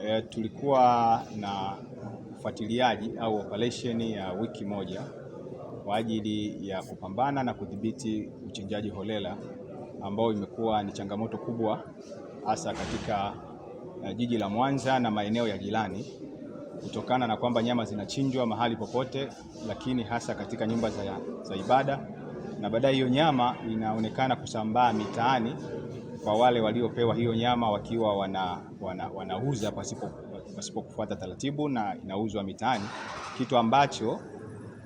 e, tulikuwa na ufuatiliaji au operation ya wiki moja kwa ajili ya kupambana na kudhibiti uchinjaji holela ambao imekuwa ni changamoto kubwa hasa katika e, jiji la Mwanza na maeneo ya jirani, kutokana na kwamba nyama zinachinjwa mahali popote, lakini hasa katika nyumba za, za ibada na baadaye hiyo nyama inaonekana kusambaa mitaani kwa wale waliopewa hiyo nyama wakiwa wana, wana, wanauza pasipo, pasipo kufuata taratibu na inauzwa mitaani, kitu ambacho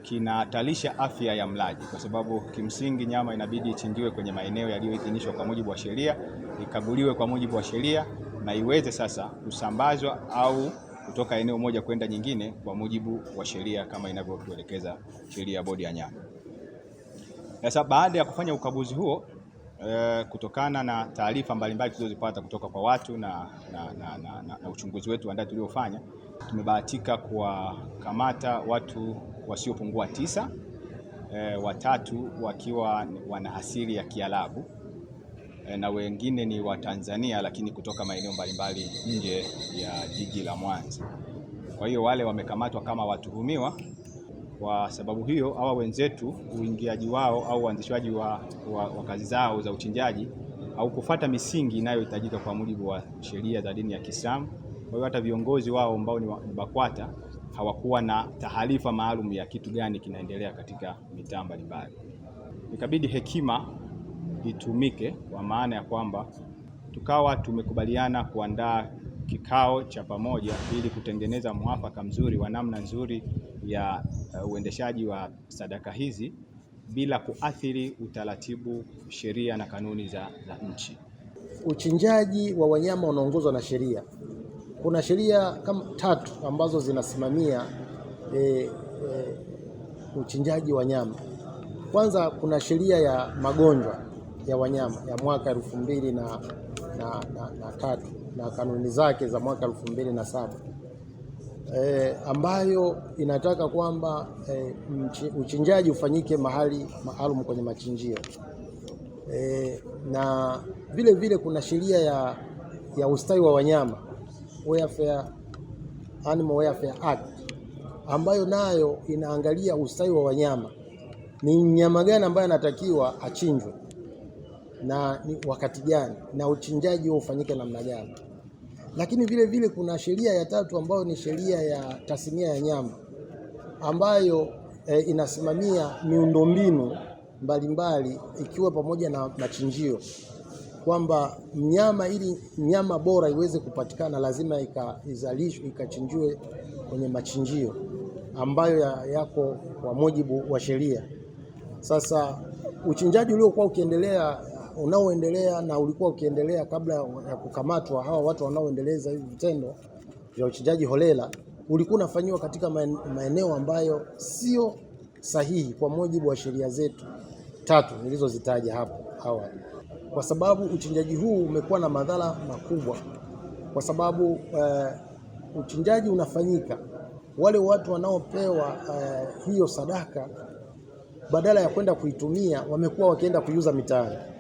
kinahatarisha afya ya mlaji, kwa sababu kimsingi nyama inabidi ichinjiwe kwenye maeneo yaliyoidhinishwa kwa mujibu wa sheria, ikaguliwe kwa mujibu wa sheria na iweze sasa kusambazwa au kutoka eneo moja kwenda nyingine kwa mujibu wa sheria kama inavyotuelekeza sheria ya Bodi ya Nyama. Sasa baada ya kufanya ukaguzi huo e, kutokana na taarifa mbalimbali tulizozipata kutoka kwa watu na, na, na, na, na, na uchunguzi wetu wa ndani tuliofanya, tumebahatika kuwakamata watu wasiopungua tisa, e, watatu wakiwa wana asili ya Kiarabu e, na wengine ni Watanzania lakini kutoka maeneo mbalimbali nje ya jiji la Mwanza. Kwa hiyo wale wamekamatwa kama watuhumiwa kwa sababu hiyo, hawa wenzetu uingiaji wao au uanzishwaji wa, wa, wa kazi zao za uchinjaji au kufuata misingi inayohitajika kwa mujibu wa sheria za dini ya Kiislamu. Kwa hiyo hata viongozi wao ambao ni BAKWATA hawakuwa na taarifa maalum ya kitu gani kinaendelea katika mitaa mbalimbali. Ikabidi hekima itumike kwa maana ya kwamba tukawa tumekubaliana kuandaa kikao cha pamoja ili kutengeneza mwafaka mzuri wa namna nzuri ya uh, uendeshaji wa sadaka hizi bila kuathiri utaratibu, sheria na kanuni za, za nchi. Uchinjaji wa wanyama unaongozwa na sheria. Kuna sheria kama tatu ambazo zinasimamia e, e, uchinjaji wa wanyama. Kwanza kuna sheria ya magonjwa ya wanyama ya mwaka elfu mbili na na, na, na tatu na kanuni zake za mwaka elfu mbili na saba e, ambayo inataka kwamba e, uchinjaji ufanyike mahali maalum kwenye machinjio e, na vile vile kuna sheria ya, ya ustawi wa wanyama Welfare, Animal Welfare Act ambayo nayo inaangalia ustawi wa wanyama, ni nyama gani ambayo anatakiwa achinjwe na ni wakati gani na uchinjaji huo ufanyike namna gani. Lakini vile vile kuna sheria ya tatu ambayo ni sheria ya tasnia ya nyama ambayo e, inasimamia miundombinu mbalimbali ikiwa pamoja na machinjio, kwamba mnyama ili nyama bora iweze kupatikana lazima ikazalishwe ikachinjiwe kwenye machinjio ambayo yako kwa mujibu wa sheria. Sasa uchinjaji uliokuwa ukiendelea unaoendelea na ulikuwa ukiendelea kabla ya kukamatwa, hawa watu wanaoendeleza hivi vitendo vya uchinjaji holela ulikuwa unafanyiwa katika maeneo ambayo sio sahihi kwa mujibu wa sheria zetu tatu nilizozitaja hapo awali, kwa sababu uchinjaji huu umekuwa na madhara makubwa, kwa sababu uh, uchinjaji unafanyika, wale watu wanaopewa uh, hiyo sadaka badala ya kwenda kuitumia wamekuwa wakienda kuiuza mitaani.